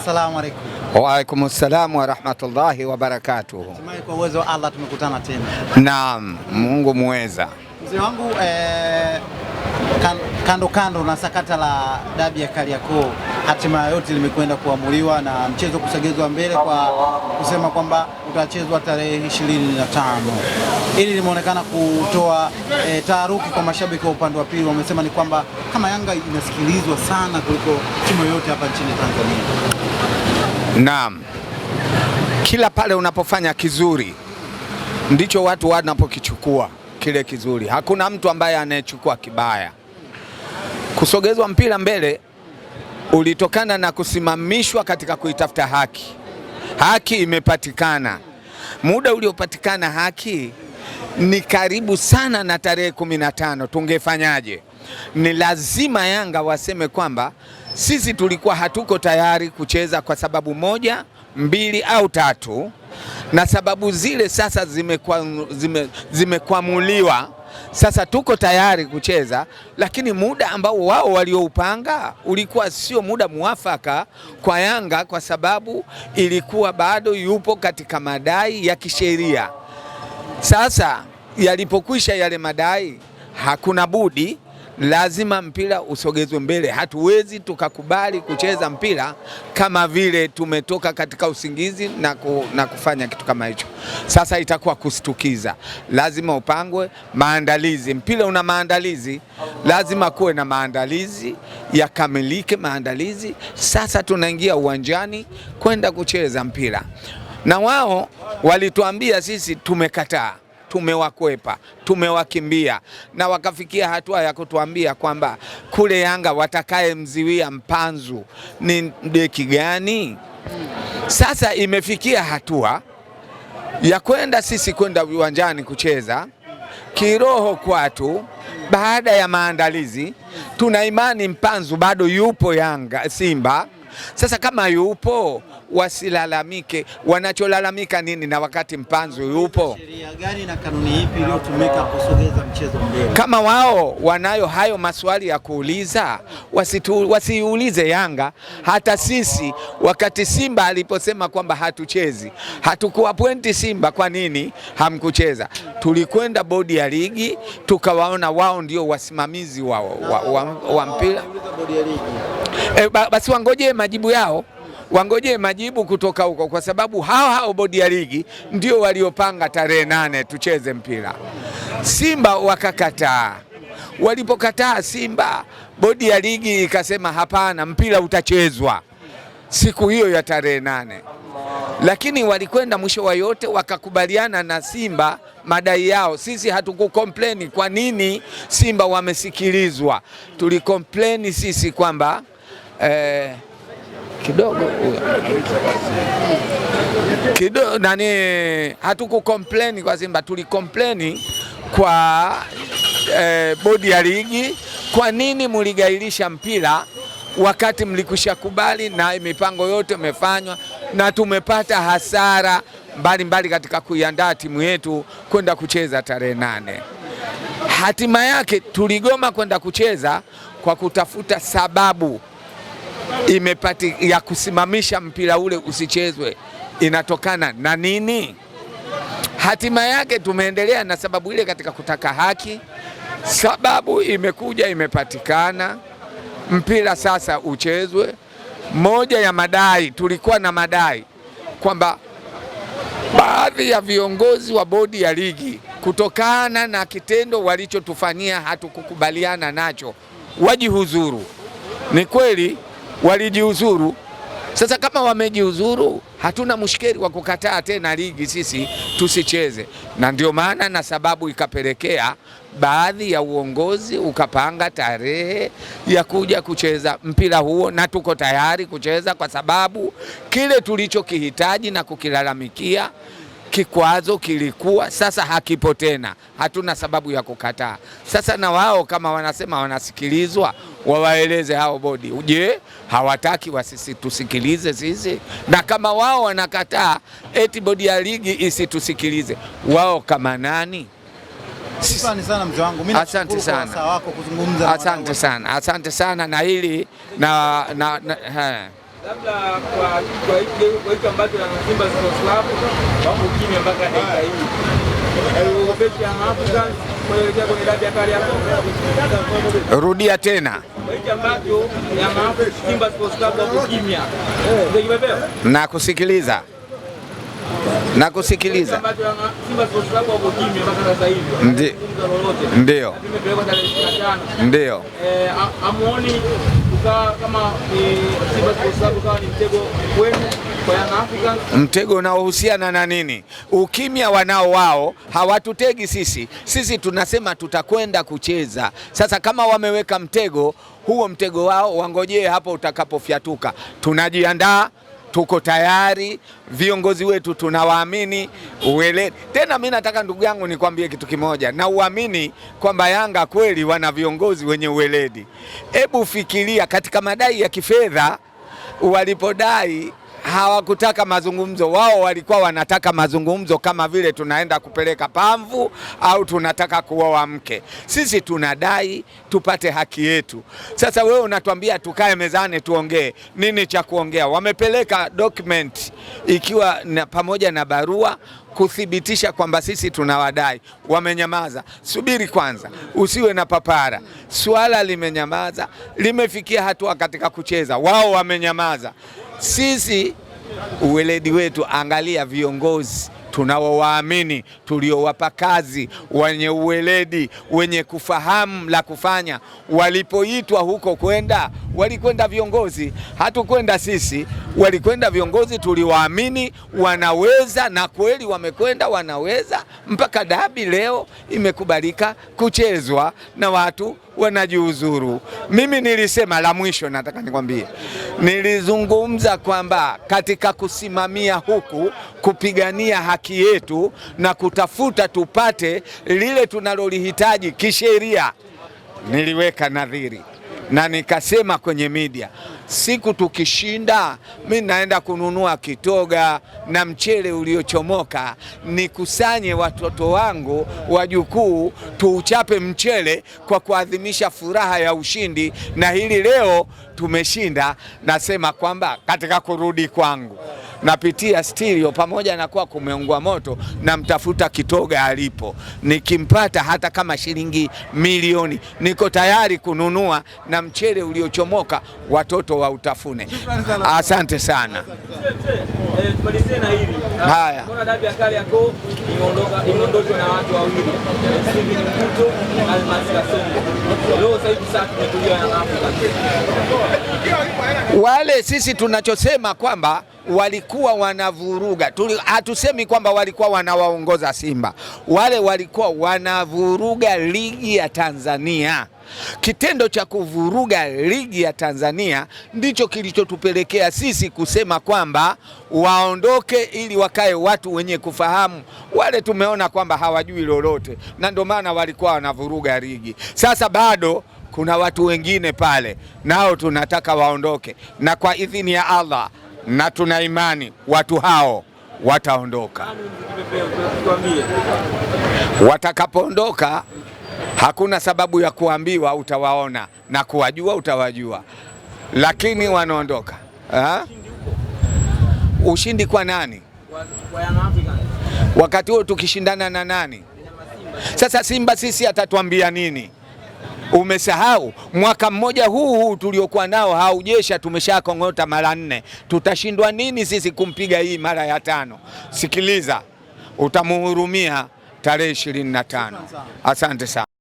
Assalamu alaykum. Wa alaykum assalam wa rahmatullahi wa barakatuh. Tumai kwa uwezo wa Allah tumekutana tena. Naam, Mungu muweza. Mzee wangu eh, kando kando na sakata la dabi ya Kariakoo hatima yote limekwenda kuamuliwa na mchezo kusogezwa mbele kwa kusema kwamba utachezwa tarehe ishirini na tano. Hili limeonekana kutoa e, taharuki kwa mashabiki wa upande wa pili. Wamesema ni kwamba kama Yanga inasikilizwa sana kuliko timu yoyote hapa nchini Tanzania. Naam, kila pale unapofanya kizuri ndicho watu wanapokichukua kile kizuri. Hakuna mtu ambaye anayechukua kibaya. Kusogezwa mpira mbele ulitokana na kusimamishwa katika kuitafuta haki. Haki imepatikana, muda uliopatikana haki ni karibu sana na tarehe kumi na tano. Tungefanyaje? Ni lazima Yanga waseme kwamba sisi tulikuwa hatuko tayari kucheza kwa sababu moja, mbili au tatu, na sababu zile sasa zimekwamuliwa zime, zime sasa tuko tayari kucheza, lakini muda ambao wao walioupanga ulikuwa sio muda muafaka kwa Yanga, kwa sababu ilikuwa bado yupo katika madai ya kisheria. Sasa yalipokwisha yale madai, hakuna budi lazima mpira usogezwe mbele. Hatuwezi tukakubali kucheza mpira kama vile tumetoka katika usingizi na, ku, na kufanya kitu kama hicho. Sasa itakuwa kustukiza, lazima upangwe maandalizi. Mpira una maandalizi, lazima kuwe na maandalizi yakamilike, maandalizi. Sasa tunaingia uwanjani kwenda kucheza mpira, na wao walituambia sisi, tumekataa tumewakwepa, tumewakimbia na wakafikia hatua ya kutuambia kwamba kule Yanga watakayemziwia Mpanzu ni deki gani? Sasa imefikia hatua ya kwenda sisi kwenda uwanjani kucheza kiroho kwatu, baada ya maandalizi tuna imani Mpanzu bado yupo Yanga, Simba. Sasa kama yupo wasilalamike, wanacholalamika nini? Na wakati Mpanzu yupo, sheria gani na kanuni ipi iliyotumika kusogeza mchezo mbele? Kama wao wanayo hayo maswali ya kuuliza, wasiulize Yanga. Hata sisi wakati Simba aliposema kwamba hatuchezi, hatukuwa pointi Simba, kwa nini hamkucheza? Tulikwenda bodi ya ligi tukawaona wao ndio wasimamizi wao wa, wa, wa, mpira e, basi wangojee majibu yao wangojee majibu kutoka huko, kwa sababu hao hao bodi ya ligi ndio waliopanga tarehe nane tucheze mpira. Simba wakakataa. Walipokataa Simba, bodi ya ligi ikasema hapana, mpira utachezwa siku hiyo ya tarehe nane lakini walikwenda mwisho wa yote wakakubaliana na Simba madai yao. Sisi hatukukompleni. Kwa nini Simba wamesikilizwa? Tulikompleni sisi kwamba eh, kidogo kido, nani, hatukukompleni kwa Simba, tulikompleni kwa eh, bodi ya ligi. Kwa nini muligailisha mpira wakati mlikushakubali na mipango yote imefanywa? na tumepata hasara mbalimbali mbali katika kuiandaa timu yetu kwenda kucheza tarehe nane. Hatima yake tuligoma kwenda kucheza kwa kutafuta sababu imepati ya kusimamisha mpira ule usichezwe inatokana na nini? Hatima yake tumeendelea na sababu ile katika kutaka haki. Sababu imekuja imepatikana, mpira sasa uchezwe. Moja ya madai tulikuwa na madai kwamba baadhi ya viongozi wa bodi ya ligi kutokana na kitendo walichotufanyia hatukukubaliana nacho, wajihuzuru. Ni kweli walijihuzuru Sasa kama wamejihuzuru hatuna mshikeli wa kukataa tena ligi sisi tusicheze, na ndio maana na sababu ikapelekea baadhi ya uongozi ukapanga tarehe ya kuja kucheza mpira huo, na tuko tayari kucheza kwa sababu kile tulichokihitaji na kukilalamikia kikwazo kilikuwa sasa hakipo tena, hatuna sababu ya kukataa. Sasa na wao kama wanasema wanasikilizwa, wawaeleze hao bodi. Je, hawataki wasisi tusikilize sisi? Na kama wao wanakataa eti bodi ya ligi isitusikilize, wao kama nani? asante sana. wako kuzungumza. Asante sana. Asante sana na hili na na, na he. na Rudia tena na kusikiliza na kusikiliza. Ndio, ndio mtego unaohusiana na nini? Ukimya wanao wao, hawatutegi sisi. Sisi tunasema tutakwenda kucheza. Sasa kama wameweka mtego huo, mtego wao wangojee hapo utakapofyatuka. Tunajiandaa tuko tayari, viongozi wetu tunawaamini. Uele tena, mimi nataka ndugu yangu nikwambie kitu kimoja, na uamini kwamba Yanga kweli wana viongozi wenye uweledi. Hebu fikiria katika madai ya kifedha walipodai hawakutaka mazungumzo. Wao walikuwa wanataka mazungumzo kama vile tunaenda kupeleka pamvu au tunataka kuoa mke. Sisi tunadai tupate haki yetu. Sasa wewe unatuambia tukae mezani tuongee, nini cha kuongea? Wamepeleka document ikiwa na pamoja na barua kuthibitisha kwamba sisi tunawadai. Wamenyamaza. Subiri kwanza, usiwe na papara. Swala limenyamaza, limefikia hatua katika kucheza. Wao wamenyamaza sisi uweledi wetu, angalia viongozi tunaowaamini tuliowapa kazi, wenye uweledi, wenye kufahamu la kufanya. Walipoitwa huko kwenda, walikwenda viongozi, hatukwenda sisi. Walikwenda viongozi tuliwaamini wanaweza, na kweli wamekwenda wanaweza. Mpaka dabi leo imekubalika kuchezwa na watu wanajiuzuru. Mimi nilisema la mwisho, nataka nikwambie, nilizungumza kwamba katika kusimamia huku kupigania haki yetu na kutafuta tupate lile tunalolihitaji kisheria, niliweka nadhiri na nikasema kwenye media, siku tukishinda, mi naenda kununua kitoga na mchele uliochomoka, nikusanye watoto wangu wajukuu, tuuchape mchele kwa kuadhimisha furaha ya ushindi, na hili leo tumeshinda. Nasema kwamba katika kurudi kwangu napitia stereo pamoja na kuwa kumeungwa moto, namtafuta kitoga alipo. Nikimpata hata kama shilingi milioni, niko tayari kununua na mchele uliochomoka watoto wa utafune. Asante sana. Haya, wale sisi tunachosema kwamba walikuwa wanavuruga. Hatusemi kwamba walikuwa wanawaongoza Simba, wale walikuwa wanavuruga ligi ya Tanzania. Kitendo cha kuvuruga ligi ya Tanzania ndicho kilichotupelekea sisi kusema kwamba waondoke ili wakae watu wenye kufahamu. Wale tumeona kwamba hawajui lolote, na ndio maana walikuwa wanavuruga ligi. Sasa bado kuna watu wengine pale, nao tunataka waondoke, na kwa idhini ya Allah na tuna imani watu hao wataondoka. Watakapoondoka hakuna sababu ya kuambiwa, utawaona na kuwajua, utawajua, lakini wanaondoka. Ushindi kwa nani? Wakati huo tukishindana na nani? Sasa Simba sisi atatuambia nini? Umesahau mwaka mmoja huu huu tuliokuwa nao haujesha, tumeshakong'ota mara nne. Tutashindwa nini sisi kumpiga hii mara ya tano? Sikiliza, utamuhurumia tarehe 25. Asante sana.